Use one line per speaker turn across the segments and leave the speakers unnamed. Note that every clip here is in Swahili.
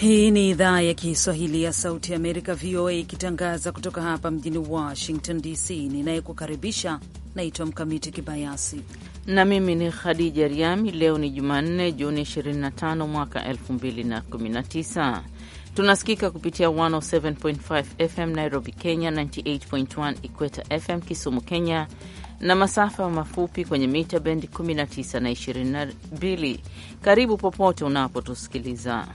Hii ni idhaa ya Kiswahili ya Sauti Amerika, VOA, ikitangaza kutoka hapa mjini Washington DC. Ninayekukaribisha naitwa Mkamiti Kibayasi
na mimi ni Khadija Riami. Leo ni Jumanne, Juni 25 mwaka 2019. Tunasikika kupitia 107.5 FM Nairobi, Kenya, 98.1 Equator FM Kisumu, Kenya, na masafa mafupi kwenye mita bendi 19 na 22. Karibu popote unapotusikiliza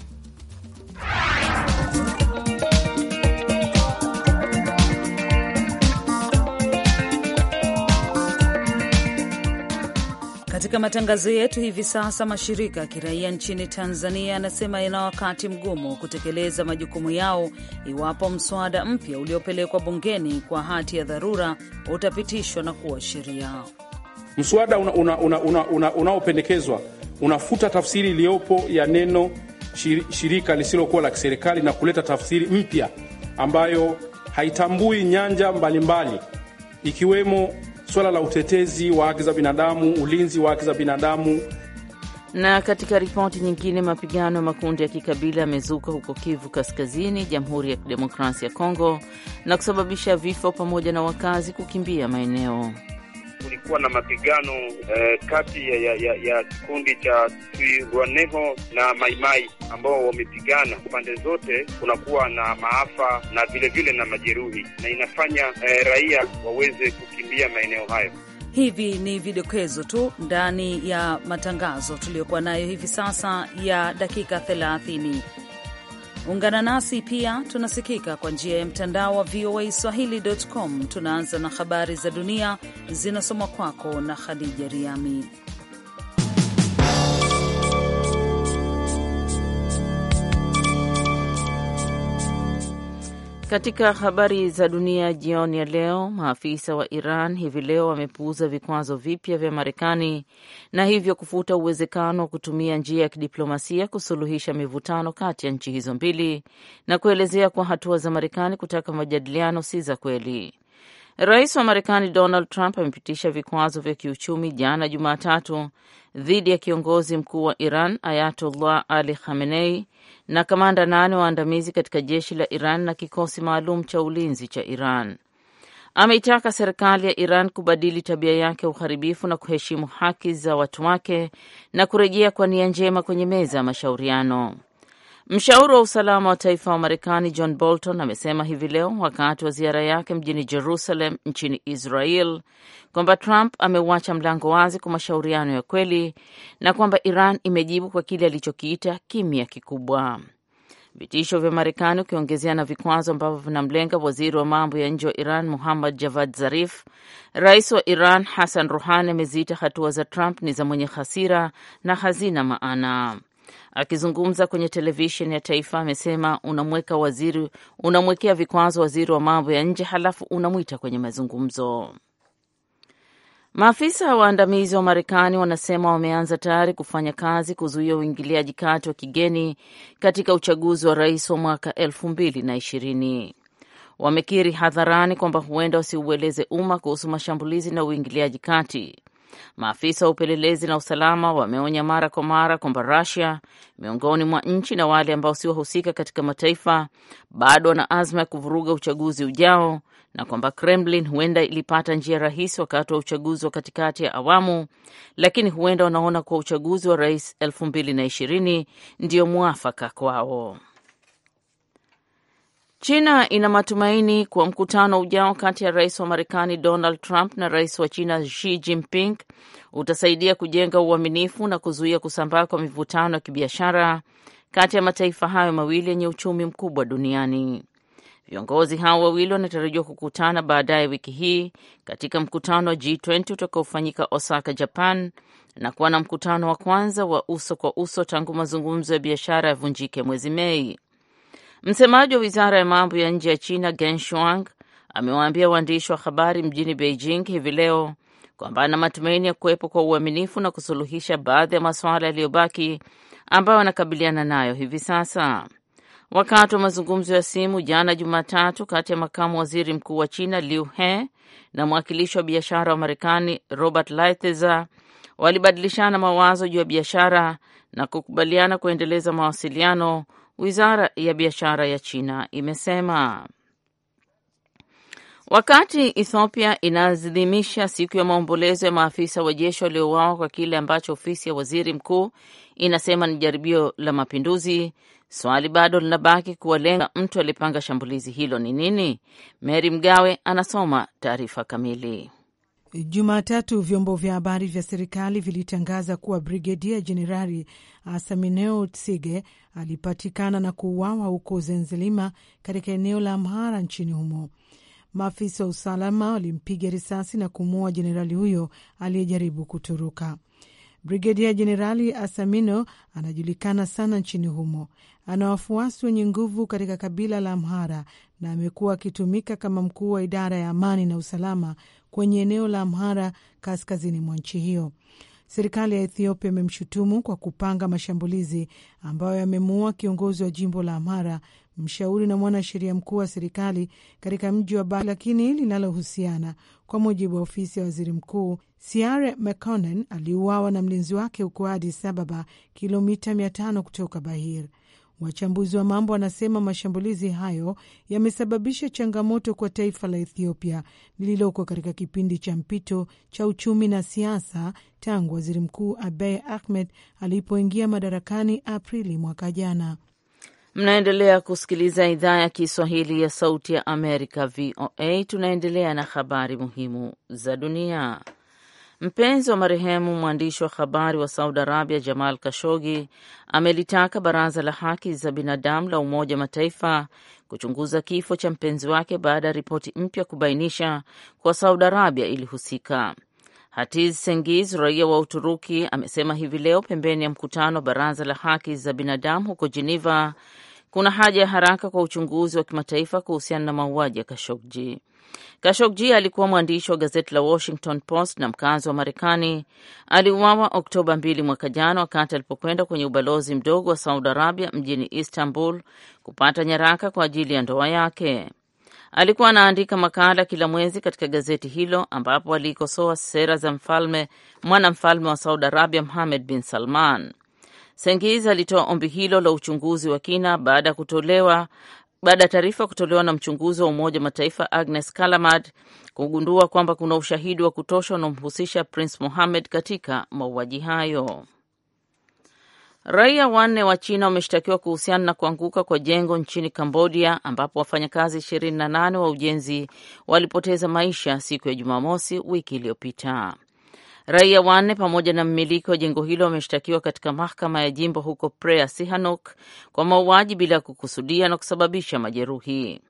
Katika matangazo yetu hivi sasa, mashirika ya kiraia nchini Tanzania yanasema yana wakati mgumu kutekeleza majukumu yao iwapo mswada mpya uliopelekwa bungeni kwa hati ya dharura utapitishwa na kuwa sheria.
Mswada unaopendekezwa una, una, una, una unafuta tafsiri iliyopo ya neno shirika lisilokuwa la kiserikali na kuleta tafsiri mpya ambayo haitambui nyanja mbalimbali mbali, ikiwemo swala la utetezi wa haki za binadamu, ulinzi wa haki za binadamu.
Na katika ripoti nyingine, mapigano ya makundi ya kikabila yamezuka huko Kivu Kaskazini, Jamhuri ya Kidemokrasia ya Kongo na kusababisha vifo pamoja na wakazi kukimbia maeneo
kulikuwa na mapigano eh, kati ya, ya, ya kikundi cha Twirwaneho na Maimai ambao wamepigana pande zote, kunakuwa na maafa na vile vile na majeruhi, na inafanya
eh, raia waweze kukimbia maeneo hayo.
Hivi ni vidokezo tu ndani ya matangazo tuliyokuwa nayo hivi sasa ya dakika 30. Ungana nasi pia, tunasikika kwa njia ya mtandao wa VOA Swahili.com. Tunaanza na habari za dunia zinasomwa kwako na Khadija Riami.
Katika habari za dunia jioni ya leo, maafisa wa Iran hivi leo wamepuuza vikwazo vipya vya Marekani na hivyo kufuta uwezekano wa kutumia njia ya kidiplomasia kusuluhisha mivutano kati ya nchi hizo mbili na kuelezea kwa hatua za Marekani kutaka majadiliano si za kweli. Rais wa Marekani Donald Trump amepitisha vikwazo vya kiuchumi jana Jumatatu dhidi ya kiongozi mkuu wa Iran Ayatollah Ali Khamenei na kamanda nane waandamizi katika jeshi la Iran na kikosi maalum cha ulinzi cha Iran. Ameitaka serikali ya Iran kubadili tabia yake ya uharibifu na kuheshimu haki za watu wake na kurejea kwa nia njema kwenye meza ya mashauriano. Mshauri wa usalama wa taifa wa Marekani John Bolton amesema hivi leo wakati wa ziara yake mjini Jerusalem nchini Israel kwamba Trump ameuacha mlango wazi kwa mashauriano ya kweli na kwamba Iran imejibu kwa kile alichokiita kimya kikubwa. Vitisho vya Marekani ukiongezea na vikwazo ambavyo vinamlenga waziri wa mambo ya nje wa Iran Muhammad Javad Zarif. Rais wa Iran Hassan Rouhani ameziita hatua za Trump ni za mwenye hasira na hazina maana. Akizungumza kwenye televisheni ya taifa, amesema unamweka waziri, unamwekea vikwazo waziri wa mambo ya nje halafu unamwita kwenye mazungumzo. Maafisa waandamizi wa Marekani wanasema wameanza tayari kufanya kazi kuzuia uingiliaji kati wa kigeni katika uchaguzi wa rais wa mwaka elfu mbili na ishirini. Wamekiri hadharani kwamba huenda wasiueleze umma kuhusu mashambulizi na uingiliaji kati, Maafisa wa upelelezi na usalama wameonya mara kwa mara kwamba rusia miongoni mwa nchi na wale ambao si wahusika katika mataifa bado wana azma ya kuvuruga uchaguzi ujao na kwamba Kremlin huenda ilipata njia rahisi wakati wa uchaguzi wa katikati ya awamu, lakini huenda wanaona kuwa uchaguzi wa rais 2020 ndio mwafaka kwao. China ina matumaini kuwa mkutano ujao kati ya rais wa Marekani Donald Trump na rais wa China Xi Jinping utasaidia kujenga uaminifu na kuzuia kusambaa kwa mivutano ya kibiashara kati ya mataifa hayo mawili yenye uchumi mkubwa duniani. Viongozi hao wawili wanatarajiwa kukutana baadaye wiki hii katika mkutano wa G20 utakaofanyika Osaka, Japan, na kuwa na mkutano wa kwanza wa uso kwa uso tangu mazungumzo ya biashara yavunjike mwezi Mei. Msemaji wa wizara ya mambo ya nje ya China Geng Shuang amewaambia waandishi wa habari mjini Beijing hivi leo kwamba ana matumaini ya kuwepo kwa uaminifu na kusuluhisha baadhi ya masuala yaliyobaki ambayo anakabiliana nayo hivi sasa. Wakati wa mazungumzo ya simu jana Jumatatu kati ya makamu waziri mkuu wa China Liu He na mwakilishi wa biashara wa Marekani Robert Lighthizer walibadilishana mawazo juu ya biashara na kukubaliana kuendeleza mawasiliano wizara ya biashara ya China imesema. Wakati Ethiopia inaadhimisha siku ya maombolezo ya maafisa wa jeshi waliouawa kwa kile ambacho ofisi ya waziri mkuu inasema ni jaribio la mapinduzi, swali bado linabaki kuwalenga mtu aliyepanga shambulizi hilo ni nini. Mary Mgawe anasoma taarifa kamili.
Jumatatu vyombo vya habari vya serikali vilitangaza kuwa Brigedia Jenerali Asamineo Tsige alipatikana na kuuawa huko Zenzelima, katika eneo la Amhara nchini humo. Maafisa wa usalama walimpiga risasi na kumuua jenerali huyo aliyejaribu kutoroka. Brigedia Jenerali Asamino anajulikana sana nchini humo. Ana wafuasi wenye nguvu katika kabila la Amhara na amekuwa akitumika kama mkuu wa idara ya amani na usalama kwenye eneo la Amhara kaskazini mwa nchi hiyo. Serikali ya Ethiopia imemshutumu kwa kupanga mashambulizi ambayo yamemuua kiongozi wa jimbo la Amhara, mshauri na mwanasheria mkuu wa serikali katika mji wa Bahari, lakini linalohusiana. Kwa mujibu wa ofisi ya waziri mkuu, Siare Mekonnen aliuawa na mlinzi wake huko Adis Ababa, kilomita 5 kutoka Bahir. Wachambuzi wa mambo wanasema mashambulizi hayo yamesababisha changamoto kwa taifa la Ethiopia lililoko katika kipindi cha mpito cha uchumi na siasa tangu waziri mkuu Abiy Ahmed alipoingia madarakani Aprili mwaka jana.
Mnaendelea kusikiliza idhaa ya Kiswahili ya Sauti ya Amerika, VOA. Tunaendelea na habari muhimu za dunia. Mpenzi wa marehemu mwandishi wa habari wa Saudi Arabia Jamal Kashogi amelitaka baraza la haki za binadamu la Umoja wa Mataifa kuchunguza kifo cha mpenzi wake baada ya ripoti mpya kubainisha kuwa Saudi Arabia ilihusika. Hatiz Sengiz, raia wa Uturuki, amesema hivi leo pembeni ya mkutano wa baraza la haki za binadamu huko Jeneva kuna haja ya haraka kwa uchunguzi wa kimataifa kuhusiana na mauaji ya Kashogji. Kashogji alikuwa mwandishi wa gazeti la Washington Post na mkazi wa Marekani. Aliuawa Oktoba 2 mwaka jana wakati alipokwenda kwenye ubalozi mdogo wa Saudi Arabia mjini Istanbul kupata nyaraka kwa ajili ya ndoa yake. Alikuwa anaandika makala kila mwezi katika gazeti hilo ambapo aliikosoa sera za mfalme mwanamfalme wa Saudi Arabia Mohammed bin Salman. Sengiz alitoa ombi hilo la uchunguzi wa kina baada ya kutolewa baada ya taarifa kutolewa na mchunguzi wa Umoja wa Mataifa Agnes kalamad kugundua kwamba kuna ushahidi wa kutosha unaomhusisha Prince Mohammed katika mauaji hayo. Raia wanne wa China wameshtakiwa kuhusiana na kuanguka kwa jengo nchini Kambodia ambapo wafanyakazi 28 wa ujenzi walipoteza maisha siku ya Jumamosi wiki iliyopita. Raia wanne pamoja na mmiliki wa jengo hilo wameshtakiwa katika mahakama ya jimbo huko Prea Sihanok kwa mauaji bila ya kukusudia na kusababisha majeruhi.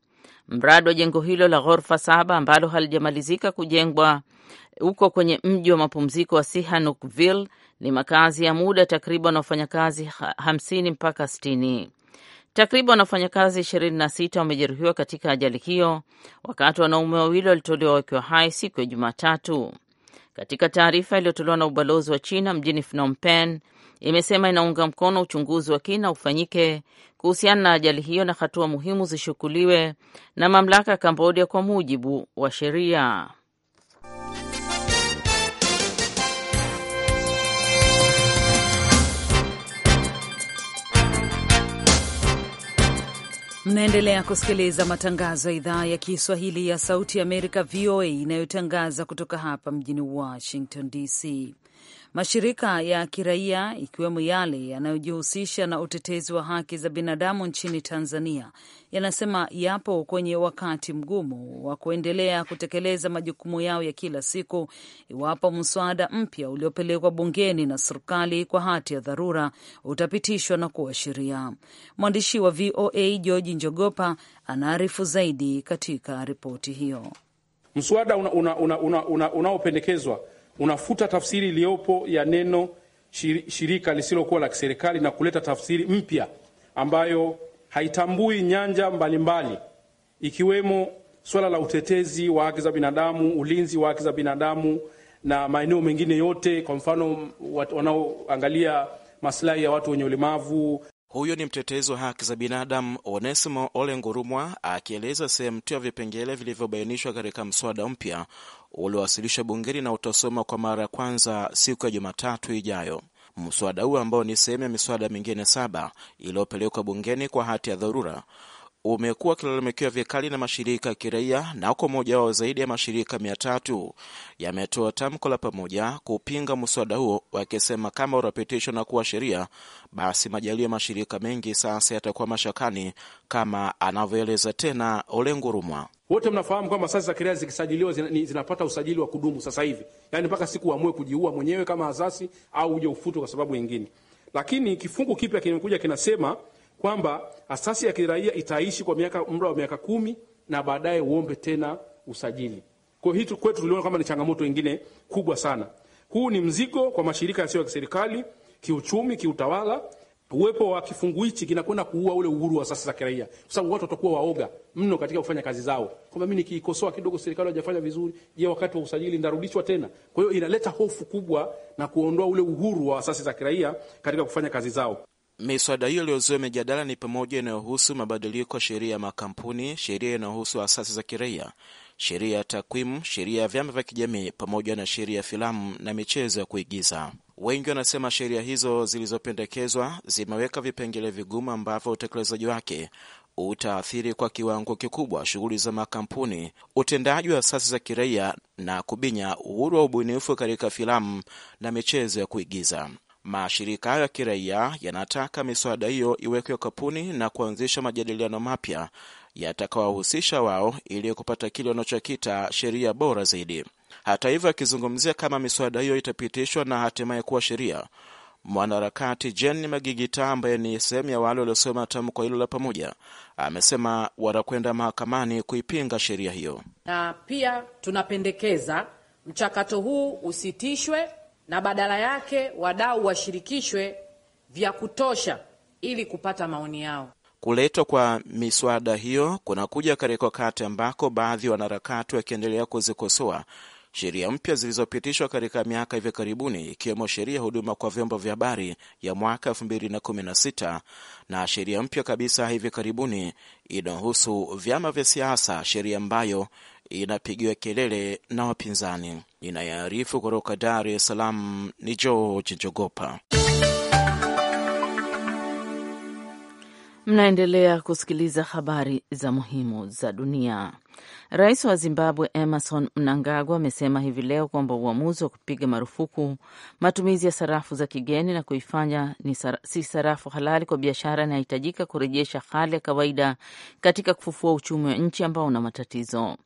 Mradi wa jengo hilo la ghorofa saba ambalo halijamalizika kujengwa huko kwenye mji wa mapumziko wa Sihanoukville ni makazi ya muda takriban wafanyakazi hamsini mpaka sitini. Takriban wafanyakazi 26 wamejeruhiwa katika ajali hiyo, wakati wanaume wawili walitolewa wakiwa hai siku ya Jumatatu. Katika taarifa iliyotolewa na ubalozi wa China mjini Phnom Penh, imesema inaunga mkono uchunguzi wa kina ufanyike kuhusiana na ajali hiyo na hatua muhimu zishughuliwe na mamlaka ya Kambodia kwa mujibu wa sheria.
Mnaendelea kusikiliza matangazo ya idhaa ya Kiswahili ya Sauti ya Amerika, VOA, inayotangaza kutoka hapa mjini Washington DC. Mashirika ya kiraia ikiwemo yale yanayojihusisha na utetezi wa haki za binadamu nchini Tanzania yanasema yapo kwenye wakati mgumu wa kuendelea kutekeleza majukumu yao ya kila siku iwapo mswada mpya uliopelekwa bungeni na serikali kwa hati ya dharura utapitishwa na kuwa sheria. Mwandishi wa VOA George Njogopa anaarifu zaidi katika ripoti hiyo.
Mswada unaopendekezwa una, una, una, una unafuta tafsiri iliyopo ya neno shirika lisilokuwa la kiserikali na kuleta tafsiri mpya ambayo haitambui nyanja mbalimbali mbali, ikiwemo swala la utetezi wa haki za binadamu, ulinzi wa haki za binadamu na maeneo mengine yote, kwa mfano
wanaoangalia maslahi ya watu wenye ulemavu. Huyo ni mtetezi wa haki za binadamu Onesimo Ole Ngurumwa akieleza sehemu tu ya vipengele vilivyobainishwa katika mswada mpya uliowasilishwa bungeni na utasoma kwa mara ya kwanza siku ya Jumatatu ijayo. Mswada huo ambao ni sehemu ya miswada mingine saba iliyopelekwa bungeni kwa hati ya dharura umekuwa akilalamikiwa vikali na mashirika ya kiraia, nako mmoja wao zaidi ya mashirika mia tatu yametoa tamko la pamoja kupinga mswada huo, wakisema kama utapitishwa na kuwa sheria, basi majalio ya mashirika mengi sasa yatakuwa mashakani, kama anavyoeleza tena olengurumwa
Wote mnafahamu kwamba asasi za kiraia zikisajiliwa zinapata usajili wa kudumu sasa hivi, yaani mpaka siku uamue kujiua mwenyewe kama asasi au uje ufutwe kwa sababu nyingine. Lakini kifungu kipya kimekuja kinasema kwamba asasi ya kiraia itaishi kwa miaka muda wa miaka kumi na baadaye uombe tena usajili. Kwa hiyo hii kwetu tuliona kama ni changamoto nyingine kubwa sana. Huu ni mzigo kwa mashirika yasiyo ya kiserikali, kiuchumi, kiutawala. Uwepo wa kifungu hichi kinakwenda kuua ule uhuru wa asasi za kiraia, kwa sababu watu watakuwa waoga mno katika kufanya kazi zao, kwamba mimi nikiikosoa kidogo serikali haijafanya vizuri, je, wakati wa usajili ndarudishwa tena? Kwa hiyo inaleta hofu kubwa na kuondoa ule
uhuru wa asasi za kiraia katika kufanya kazi zao. Miswada hiyo iliyozua mijadala ni pamoja inayohusu mabadiliko sheria ya makampuni, sheria inayohusu asasi za kiraia, sheria ya takwimu, sheria ya vyama vya kijamii, pamoja na sheria ya filamu na michezo ya kuigiza. Wengi wanasema sheria hizo zilizopendekezwa zimeweka vipengele vigumu ambavyo utekelezaji wake utaathiri kwa kiwango kikubwa shughuli za makampuni, utendaji wa asasi za kiraia na kubinya uhuru wa ubunifu katika filamu na michezo ya kuigiza. Mashirika hayo ya kiraia yanataka miswada hiyo iwekwe kapuni na kuanzisha majadiliano mapya yatakawahusisha wao ili kupata kile wanachokita sheria bora zaidi. Hata hivyo, akizungumzia kama miswada hiyo itapitishwa na hatimaye kuwa sheria, mwanaharakati Jen Magigita ambaye ni sehemu ya wale waliosoma tamko hilo la pamoja, amesema watakwenda mahakamani kuipinga sheria hiyo,
na pia
tunapendekeza mchakato huu usitishwe na badala yake wadau washirikishwe vya kutosha ili kupata maoni yao.
Kuletwa kwa miswada hiyo kunakuja katika wakati ambako baadhi ya wanaharakati wakiendelea kuzikosoa Sheria mpya zilizopitishwa katika miaka hivi karibuni, ikiwemo sheria huduma kwa vyombo vya habari ya mwaka 2016 na sheria mpya kabisa hivi karibuni inayohusu vyama vya siasa, sheria ambayo inapigiwa kelele na wapinzani. Inayoarifu kutoka Dar es Salaam ni George Njogopa.
Mnaendelea kusikiliza habari za muhimu za dunia. Rais wa Zimbabwe Emerson Mnangagwa amesema hivi leo kwamba uamuzi wa kupiga marufuku matumizi ya sarafu za kigeni na kuifanya ni sar si sarafu halali kwa biashara inahitajika kurejesha hali ya kawaida katika kufufua uchumi wa nchi ambao una matatizo.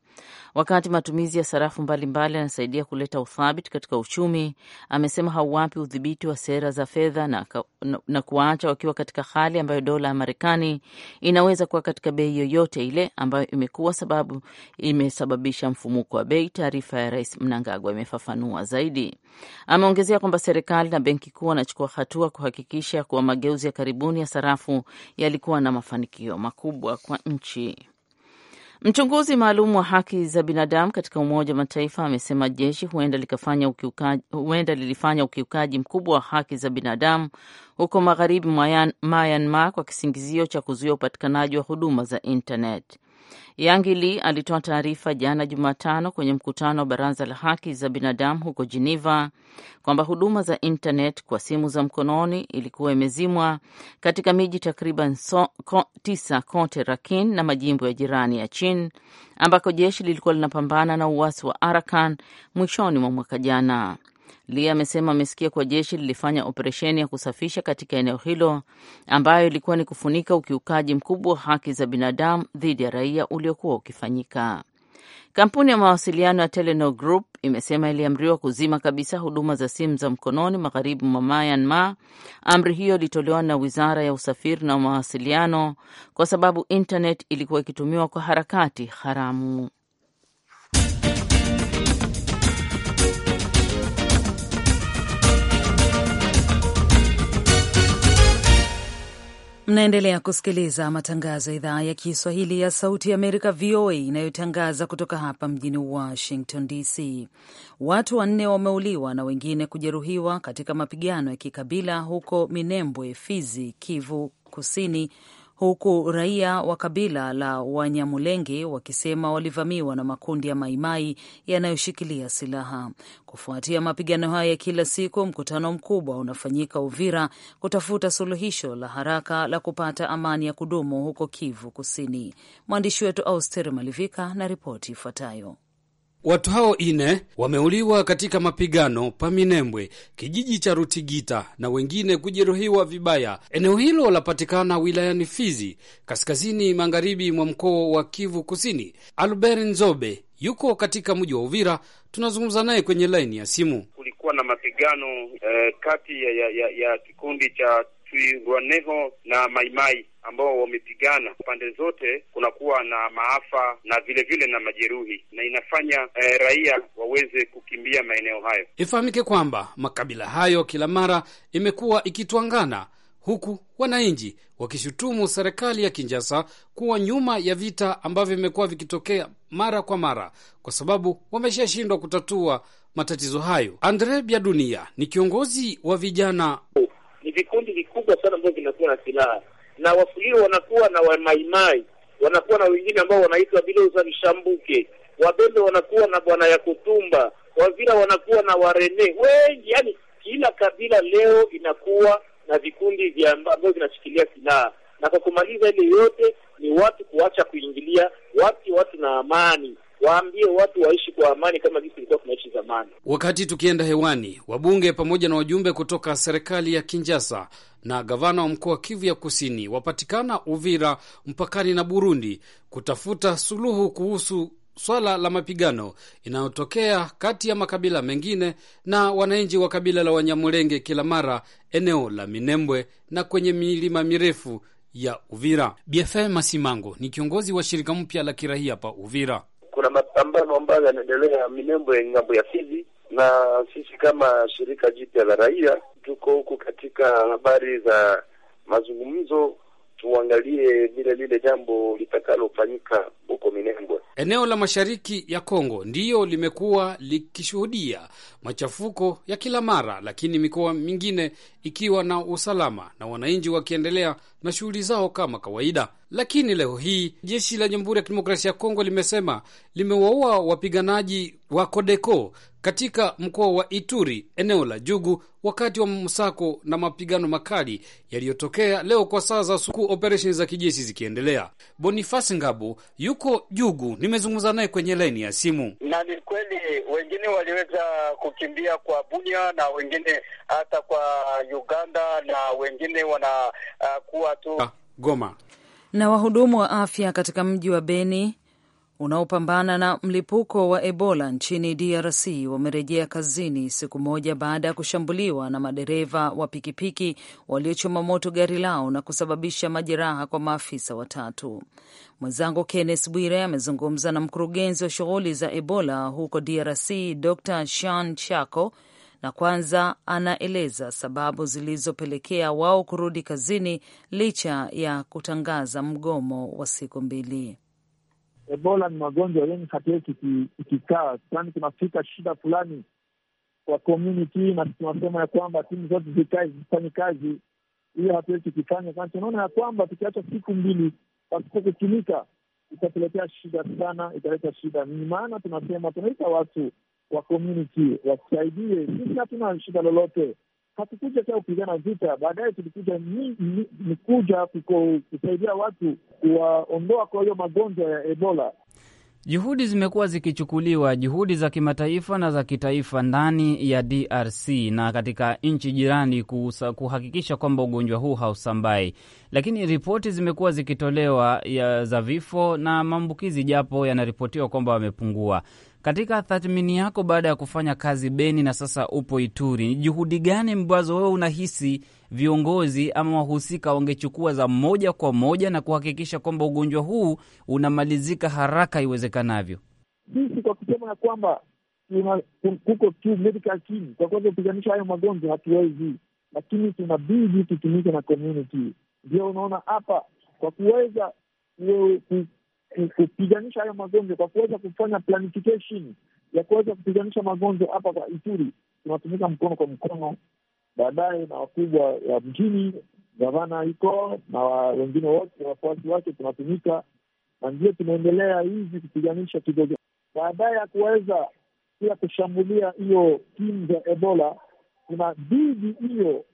Wakati matumizi ya sarafu mbalimbali yanasaidia kuleta uthabiti katika uchumi, amesema hauwapi udhibiti wa sera za fedha na, na, na kuwaacha wakiwa katika hali ambayo dola ya Marekani inaweza kuwa katika bei yoyote ile ambayo imekuwa sababu imesababisha mfumuko wa bei. Taarifa ya Rais Mnangagwa imefafanua zaidi. Ameongezea kwamba serikali na benki kuu wanachukua hatua kuhakikisha kuwa mageuzi ya karibuni ya sarafu yalikuwa na mafanikio makubwa kwa nchi. Mchunguzi maalum wa haki za binadamu katika Umoja wa Mataifa amesema jeshi huenda likafanya ukiukaji, huenda lilifanya ukiukaji mkubwa wa haki za binadamu huko magharibi mwa Myanmar kwa kisingizio cha kuzuia upatikanaji wa huduma za intaneti. Yangi li alitoa taarifa jana Jumatano kwenye mkutano wa Baraza la Haki za Binadamu huko Geneva kwamba huduma za intanet kwa simu za mkononi ilikuwa imezimwa katika miji takriban so, ko, tisa kote rakin na majimbo ya jirani ya Chin ambako jeshi lilikuwa linapambana na uasi wa Arakan mwishoni mwa mwaka jana. Lee amesema amesikia kuwa jeshi lilifanya operesheni ya kusafisha katika eneo hilo ambayo ilikuwa ni kufunika ukiukaji mkubwa wa haki za binadamu dhidi ya raia uliokuwa ukifanyika. Kampuni ya mawasiliano ya Telenor Group imesema iliamriwa kuzima kabisa huduma za simu za mkononi magharibi mwa Myanmar. Amri hiyo ilitolewa na wizara ya usafiri na mawasiliano kwa sababu internet ilikuwa ikitumiwa kwa harakati haramu.
Mnaendelea kusikiliza matangazo ya idhaa ya Kiswahili ya Sauti ya Amerika, VOA, inayotangaza kutoka hapa mjini Washington DC. Watu wanne wameuliwa na wengine kujeruhiwa katika mapigano ya kikabila huko Minembwe, Fizi, Kivu Kusini, huku raia wa kabila la Wanyamulenge wakisema walivamiwa na makundi ya Maimai yanayoshikilia silaha. Kufuatia mapigano hayo ya kila siku, mkutano mkubwa unafanyika Uvira kutafuta suluhisho la haraka la kupata amani ya kudumu huko Kivu Kusini. Mwandishi wetu Auster Malivika na ripoti ifuatayo.
Watu hao ine wameuliwa katika mapigano pa Minembwe, kijiji cha Rutigita, na wengine kujeruhiwa vibaya. Eneo hilo lapatikana wilayani Fizi, kaskazini magharibi mwa mkoa wa Kivu Kusini. Albert Nzobe yuko katika mji wa Uvira, tunazungumza naye kwenye laini ya simu.
Kulikuwa na mapigano eh, kati ya, ya, ya, ya kikundi cha si Rwaneho na Maimai ambao wamepigana pande zote, kunakuwa na maafa na vile vile na majeruhi, na inafanya eh, raia waweze kukimbia maeneo hayo.
Ifahamike kwamba makabila hayo kila mara imekuwa ikitwangana huku wananchi wakishutumu serikali ya Kinjasa kuwa nyuma ya vita ambavyo vimekuwa vikitokea mara kwa mara, kwa sababu wameshashindwa kutatua matatizo hayo. Andre Biadunia ni kiongozi wa vijana oh,
ni vikundi vikubwa sana ambavyo vinakuwa na silaha, na wafuliro wanakuwa na Wamaimai, wanakuwa na wengine ambao wanaitwa Biloza Vishambuke, Wabembe wanakuwa na Bwana Yakutumba, Wavira wanakuwa na Warene wengi. Yani kila kabila leo inakuwa na vikundi vya ambavyo vinashikilia silaha, na kwa kumaliza ile yote ni watu kuacha kuingilia wati watu na amani waambie watu waishi kwa amani kama jinsi ilikuwa tunaishi zamani.
Wakati tukienda hewani, wabunge pamoja na wajumbe kutoka serikali ya kinjasa na gavana wa mkoa wa Kivu ya Kusini wapatikana Uvira mpakani na Burundi kutafuta suluhu kuhusu swala la mapigano inayotokea kati ya makabila mengine na wananchi wa kabila la Wanyamulenge kila mara eneo la Minembwe na kwenye milima mirefu ya Uvira. BFM Masimango ni kiongozi wa shirika mpya la kirahia pa Uvira kuna
mapambano ambayo yanaendelea minembo ya ng'ambo ya Fizi, na sisi kama shirika jipya la raia tuko huku katika habari za mazungumzo tuangalie vile lile jambo litakalofanyika huko
Minembwe. Eneo la mashariki ya Kongo ndiyo limekuwa likishuhudia machafuko ya kila mara, lakini mikoa mingine ikiwa na usalama na wananchi wakiendelea na shughuli zao kama kawaida. Lakini leo hii jeshi la Jamhuri ya Kidemokrasia ya Kongo limesema limewaua wapiganaji wa Kodeko katika mkoa wa Ituri, eneo la Jugu, wakati wa msako na mapigano makali yaliyotokea leo kwa saa za suku, operesheni za kijeshi zikiendelea. Bonifasi Ngabo yuko Jugu, nimezungumza naye kwenye laini ya simu. Na ni kweli wengine waliweza kukimbia kwa Bunya na wengine hata kwa Uganda na wengine wanakuwa uh, tu Goma. Na
wahudumu wa afya katika mji wa Beni unaopambana na mlipuko wa Ebola nchini DRC wamerejea kazini siku moja baada ya kushambuliwa na madereva wa pikipiki waliochoma moto gari lao na kusababisha majeraha kwa maafisa watatu. Mwenzangu Kenneth Bwire amezungumza na mkurugenzi wa shughuli za Ebola huko DRC, Dr Shan Chako, na kwanza anaeleza sababu zilizopelekea wao kurudi kazini licha ya kutangaza
mgomo wa siku mbili. Ebola ni magonjwa yenye kati yetu ikikaa yani kunafika shida fulani kwa community, na tunasema ya kwamba timu zote zikae zifanye kazi hiyo, hatuwezi ikifanya kwani tunaona ya kwamba tukiacha siku mbili pasipo kutumika itatuletea shida sana, italeta shida. Ni maana tunasema tunaita watu wa community wasaidie, sisi hatuna shida lolote hatukuja saa kupigana vita, baadaye tulikuja ni, ni, ni kuja kusaidia watu kuwaondoa kwa hiyo magonjwa ya Ebola.
Juhudi zimekuwa zikichukuliwa, juhudi za kimataifa na za kitaifa ndani ya DRC na katika nchi jirani kusa, kuhakikisha kwamba ugonjwa huu hausambai, lakini ripoti zimekuwa zikitolewa za vifo na maambukizi, japo yanaripotiwa kwamba wamepungua. Katika tathmini yako baada ya kufanya kazi Beni na sasa upo Ituri, ni juhudi gani ambazo wewe unahisi viongozi ama wahusika wangechukua za moja kwa moja na kuhakikisha kwamba ugonjwa huu unamalizika haraka iwezekanavyo. Sisi
kwa kusema ya kwamba kuko tu medical team kwa kuweza kupiganisha hayo magonjwa hatuwezi, lakini tunabidi tutumike na community. Ndio unaona hapa kwa kuweza kupiganisha hayo magonjwa, kwa kuweza kufanya planification ya kuweza kupiganisha magonjwa hapa kwa Ituri, tunatumika mkono kwa mkono baadaye na wakubwa wa mjini, gavana iko na wengine wote wafuasi wake, tunatumika na ndio tunaendelea hizi kupiganisha kidogo. Baadaye ya kuweza pia kushambulia hiyo timu za Ebola, kuna bidi hiyo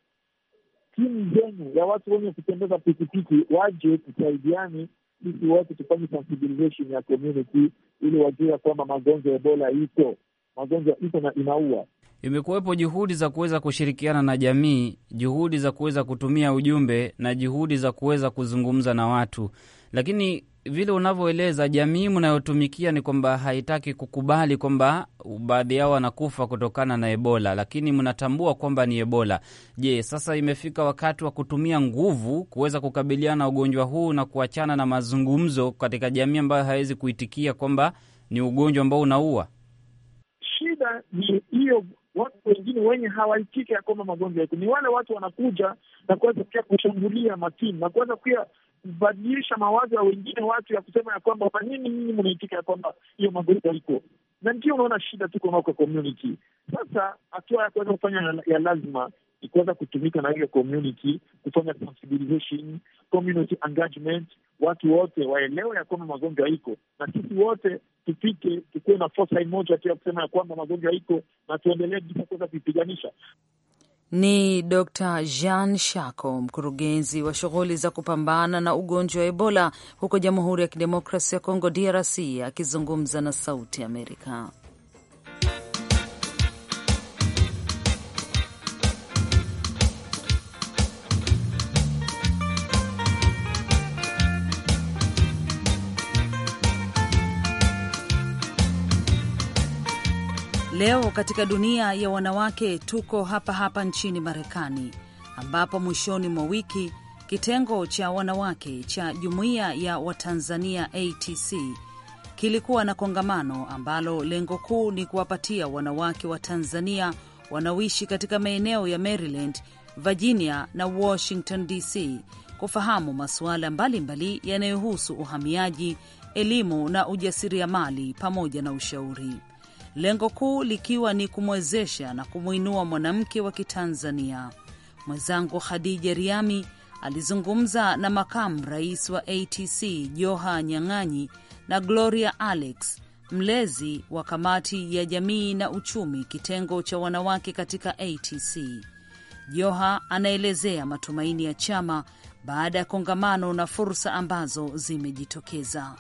timu zenu ya watu wenye kutembeza pikipiki waje kusaidiani, sisi wote tufanye sensibilization ya community ili wajue ya kwamba magonjwa ya Ebola iko magonjwa iko na inaua
imekuwepo juhudi za kuweza kushirikiana na jamii, juhudi za kuweza kutumia ujumbe na juhudi za kuweza kuzungumza na watu, lakini vile unavyoeleza jamii mnayotumikia ni kwamba haitaki kukubali kwamba baadhi yao wanakufa kutokana na Ebola, lakini mnatambua kwamba ni Ebola. Je, sasa imefika wakati wa kutumia nguvu kuweza kukabiliana na ugonjwa huu na kuachana na mazungumzo katika jamii ambayo hawezi kuitikia kwamba ni ugonjwa ambao unaua?
Shida ni hiyo watu wengine wenye hawaitika ya kwamba magonjwa yako ni wale watu wanakuja na kuweza pia kushambulia matimu na kuweza pia kubadilisha mawazo ya wengine watu ya kusema ya kwamba kwa nini nyinyi mnaitika ya kwamba hiyo magonjwa iko na ndio unaona shida tuko nao kwa community. Sasa hatua ya kuweza kufanya ya lazima kuweza kutumika na hiyo community kufanya sensibilization, community engagement, watu wote waelewe ya kwamba magonjwa iko na sisi wote tupike tukuwe na fosa moja tu ya kusema ya kwamba magonjwa iko na tuendelee jisa kuweza kuipiganisha.
Ni Dr Jean Shako, mkurugenzi wa shughuli za kupambana na ugonjwa wa Ebola huko Jamhuri ya Kidemokrasi ya Kongo, DRC, akizungumza na Sauti Amerika. Leo katika dunia ya wanawake, tuko hapa hapa nchini Marekani, ambapo mwishoni mwa wiki kitengo cha wanawake cha jumuiya ya Watanzania ATC kilikuwa na kongamano ambalo lengo kuu ni kuwapatia wanawake wa Tanzania wanaoishi katika maeneo ya Maryland, Virginia na Washington DC kufahamu masuala mbalimbali yanayohusu uhamiaji, elimu na ujasiriamali pamoja na ushauri lengo kuu likiwa ni kumwezesha na kumwinua mwanamke wa Kitanzania. Mwenzangu Khadija Riami alizungumza na makamu rais wa ATC Joha Nyang'anyi na Gloria Alex, mlezi wa kamati ya jamii na uchumi, kitengo cha wanawake katika ATC. Joha anaelezea matumaini ya chama baada ya kongamano na fursa ambazo zimejitokeza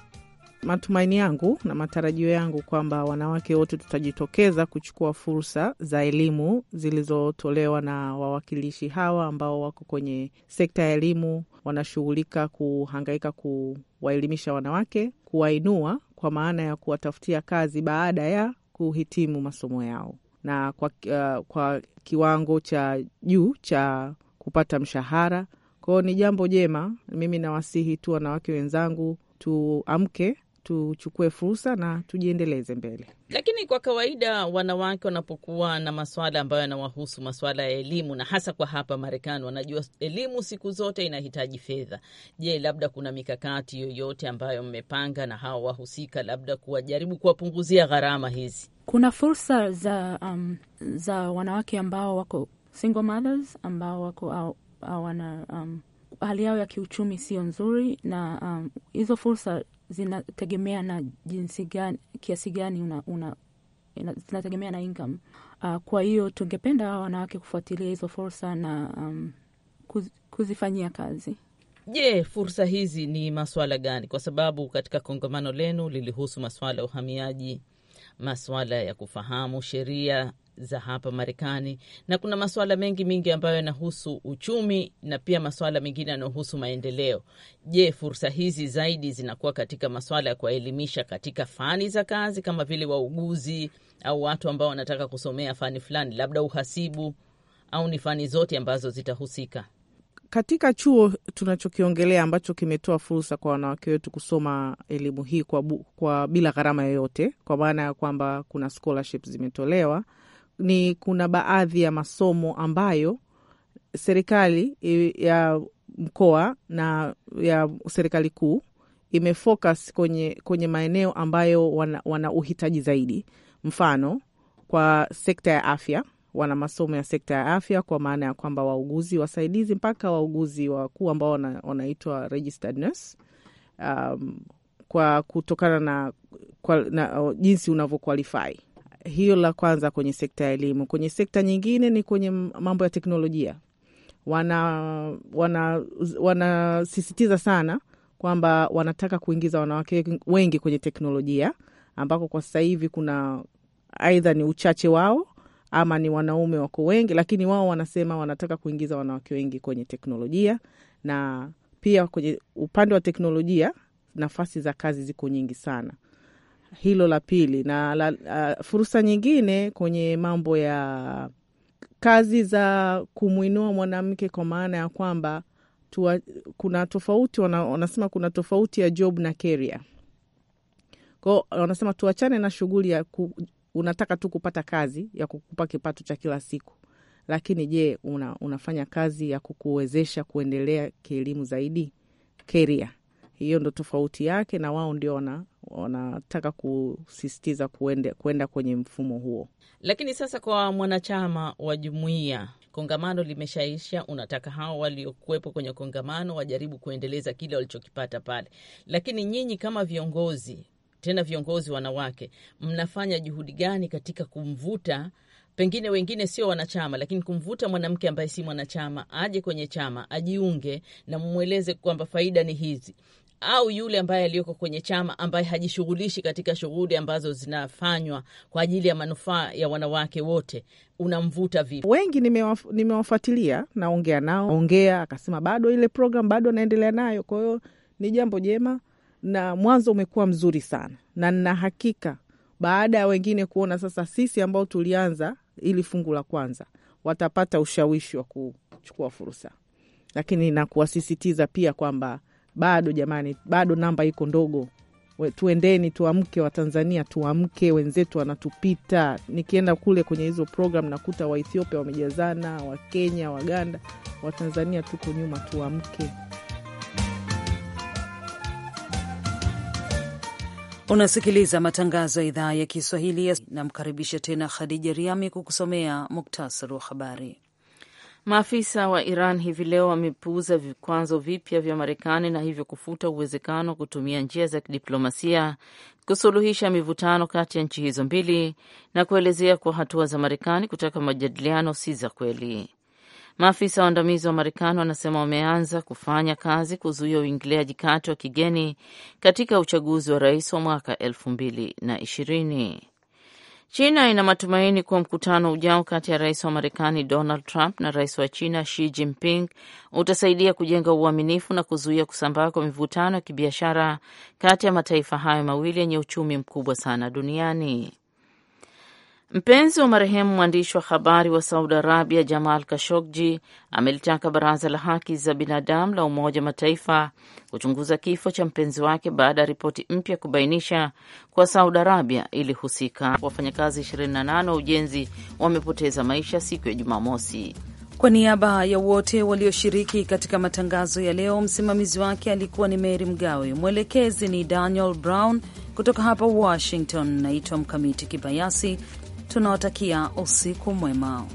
matumaini yangu na matarajio yangu kwamba wanawake wote tutajitokeza kuchukua fursa za elimu zilizotolewa na wawakilishi hawa ambao wako kwenye sekta ya elimu, wanashughulika kuhangaika kuwaelimisha wanawake, kuwainua kwa maana ya kuwatafutia kazi baada ya kuhitimu masomo yao na kwa, uh, kwa kiwango cha juu cha kupata mshahara. Kwao ni jambo jema. Mimi nawasihi tu wanawake wenzangu tuamke tuchukue fursa na tujiendeleze mbele.
Lakini kwa kawaida wanawake wanapokuwa na maswala ambayo yanawahusu maswala ya elimu, na hasa kwa hapa Marekani, wanajua elimu siku zote inahitaji fedha. Je, labda kuna mikakati yoyote ambayo mmepanga na hawa wahusika, labda kuwajaribu kuwapunguzia gharama hizi? Kuna fursa za, um, za wanawake ambao wako single mothers, ambao wako hawana um, hali yao ya kiuchumi sio nzuri, na um, hizo fursa zinategemea na jinsi gani, kiasi gani una, una, zinategemea na income. Uh, kwa hiyo tungependa wanawake kufuatilia hizo fursa na um, kuz, kuzifanyia kazi. Je, fursa hizi ni maswala gani? Kwa sababu katika kongamano lenu lilihusu maswala ya uhamiaji, maswala ya kufahamu sheria za hapa Marekani, na kuna masuala mengi mingi ambayo yanahusu uchumi na pia masuala mengine yanayohusu maendeleo. Je, fursa hizi zaidi zinakuwa katika masuala ya kuwaelimisha katika fani za kazi kama vile wauguzi au watu ambao wanataka kusomea fani fulani, labda uhasibu, au ni fani zote ambazo zitahusika?
Katika chuo tunachokiongelea ambacho kimetoa fursa kwa wanawake wetu kusoma elimu hii kwa, bu, kwa bila gharama yoyote, kwa maana ya kwamba kuna scholarship zimetolewa ni kuna baadhi ya masomo ambayo serikali ya mkoa na ya serikali kuu imefocus kwenye, kwenye maeneo ambayo wana, wana uhitaji zaidi. Mfano, kwa sekta ya afya wana masomo ya sekta ya afya kwa maana ya kwamba wauguzi wasaidizi mpaka wauguzi wakuu ambao wanaitwa registered nurse. Um, kwa kutokana na, kwa, na jinsi unavyo qualify hiyo la kwanza kwenye sekta ya elimu. Kwenye sekta nyingine ni kwenye mambo ya teknolojia, wana wanasisitiza wana sana kwamba wanataka kuingiza wanawake wengi kwenye teknolojia, ambako kwa sasa hivi kuna aidha ni uchache wao ama ni wanaume wako wengi, lakini wao wanasema wanataka kuingiza wanawake wengi kwenye teknolojia. Na pia kwenye upande wa teknolojia, nafasi za kazi ziko nyingi sana hilo la pili na la, uh, fursa nyingine kwenye mambo ya kazi za kumwinua mwanamke kwa maana ya kwamba tuwa, kuna tofauti wana, wanasema kuna tofauti ya job na career. Kwa wanasema tuachane na shughuli ya ku, unataka tu kupata kazi ya kukupa kipato cha kila siku, lakini je, una, unafanya kazi ya kukuwezesha kuendelea kielimu zaidi? Career hiyo ndo tofauti yake, na wao ndio wana wanataka kusisitiza kuende, kuenda kwenye
mfumo huo. Lakini sasa kwa mwanachama wa jumuiya, kongamano limeshaisha, unataka hao waliokuwepo kwenye kongamano wajaribu kuendeleza kile walichokipata pale, lakini nyinyi kama viongozi, tena viongozi wanawake, mnafanya juhudi gani katika kumvuta pengine wengine sio wanachama, lakini kumvuta mwanamke ambaye si mwanachama aje kwenye chama ajiunge, na mmweleze kwamba faida ni hizi, au yule ambaye aliyoko kwenye chama ambaye hajishughulishi katika shughuli ambazo zinafanywa kwa ajili ya manufaa ya wanawake wote, unamvuta vipi?
Wengi nimewafuatilia, naongea nao, ongea akasema bado ile program bado anaendelea nayo. Kwa hiyo ni jambo jema na mwanzo umekuwa mzuri sana, na nina hakika baada ya wengine kuona sasa sisi ambao tulianza ili fungu la kwanza watapata ushawishi wa kuchukua fursa, lakini nakuwasisitiza pia kwamba bado jamani, bado namba iko ndogo. We, tuendeni tuamke, Watanzania tuamke, wenzetu wanatupita. Nikienda kule kwenye hizo program nakuta Waethiopia wamejazana, Wakenya, Waganda, Watanzania tuko nyuma, tuamke.
Unasikiliza matangazo ya idhaa ya Kiswahili.
Namkaribisha tena Khadija Riami kukusomea muktasari wa habari. Maafisa wa Iran hivi leo wamepuuza vikwazo vipya vya Marekani na hivyo kufuta uwezekano wa kutumia njia za kidiplomasia kusuluhisha mivutano kati ya nchi hizo mbili na kuelezea kwa hatua za Marekani kutaka majadiliano si za kweli. Maafisa waandamizi wa Marekani wanasema wameanza kufanya kazi kuzuia uingiliaji kati wa kigeni katika uchaguzi wa rais wa mwaka elfu mbili na ishirini. China ina matumaini kuwa mkutano ujao kati ya rais wa Marekani Donald Trump na rais wa China Xi Jinping utasaidia kujenga uaminifu na kuzuia kusambaa kwa mivutano ya kibiashara kati ya mataifa hayo mawili yenye uchumi mkubwa sana duniani. Mpenzi wa marehemu mwandishi wa habari wa Saudi Arabia Jamal Kashogji amelitaka baraza la haki za binadamu la Umoja wa Mataifa kuchunguza kifo cha mpenzi wake baada ya ripoti mpya kubainisha kuwa Saudi Arabia ilihusika. Wafanyakazi 28 wa ujenzi wamepoteza maisha siku ya Jumamosi.
Kwa niaba ya wote walioshiriki katika matangazo ya leo, msimamizi wake alikuwa ni Mary Mgawe, mwelekezi ni Daniel Brown. Kutoka hapa Washington, naitwa Mkamiti Kibayasi tunawatakia usiku mwema.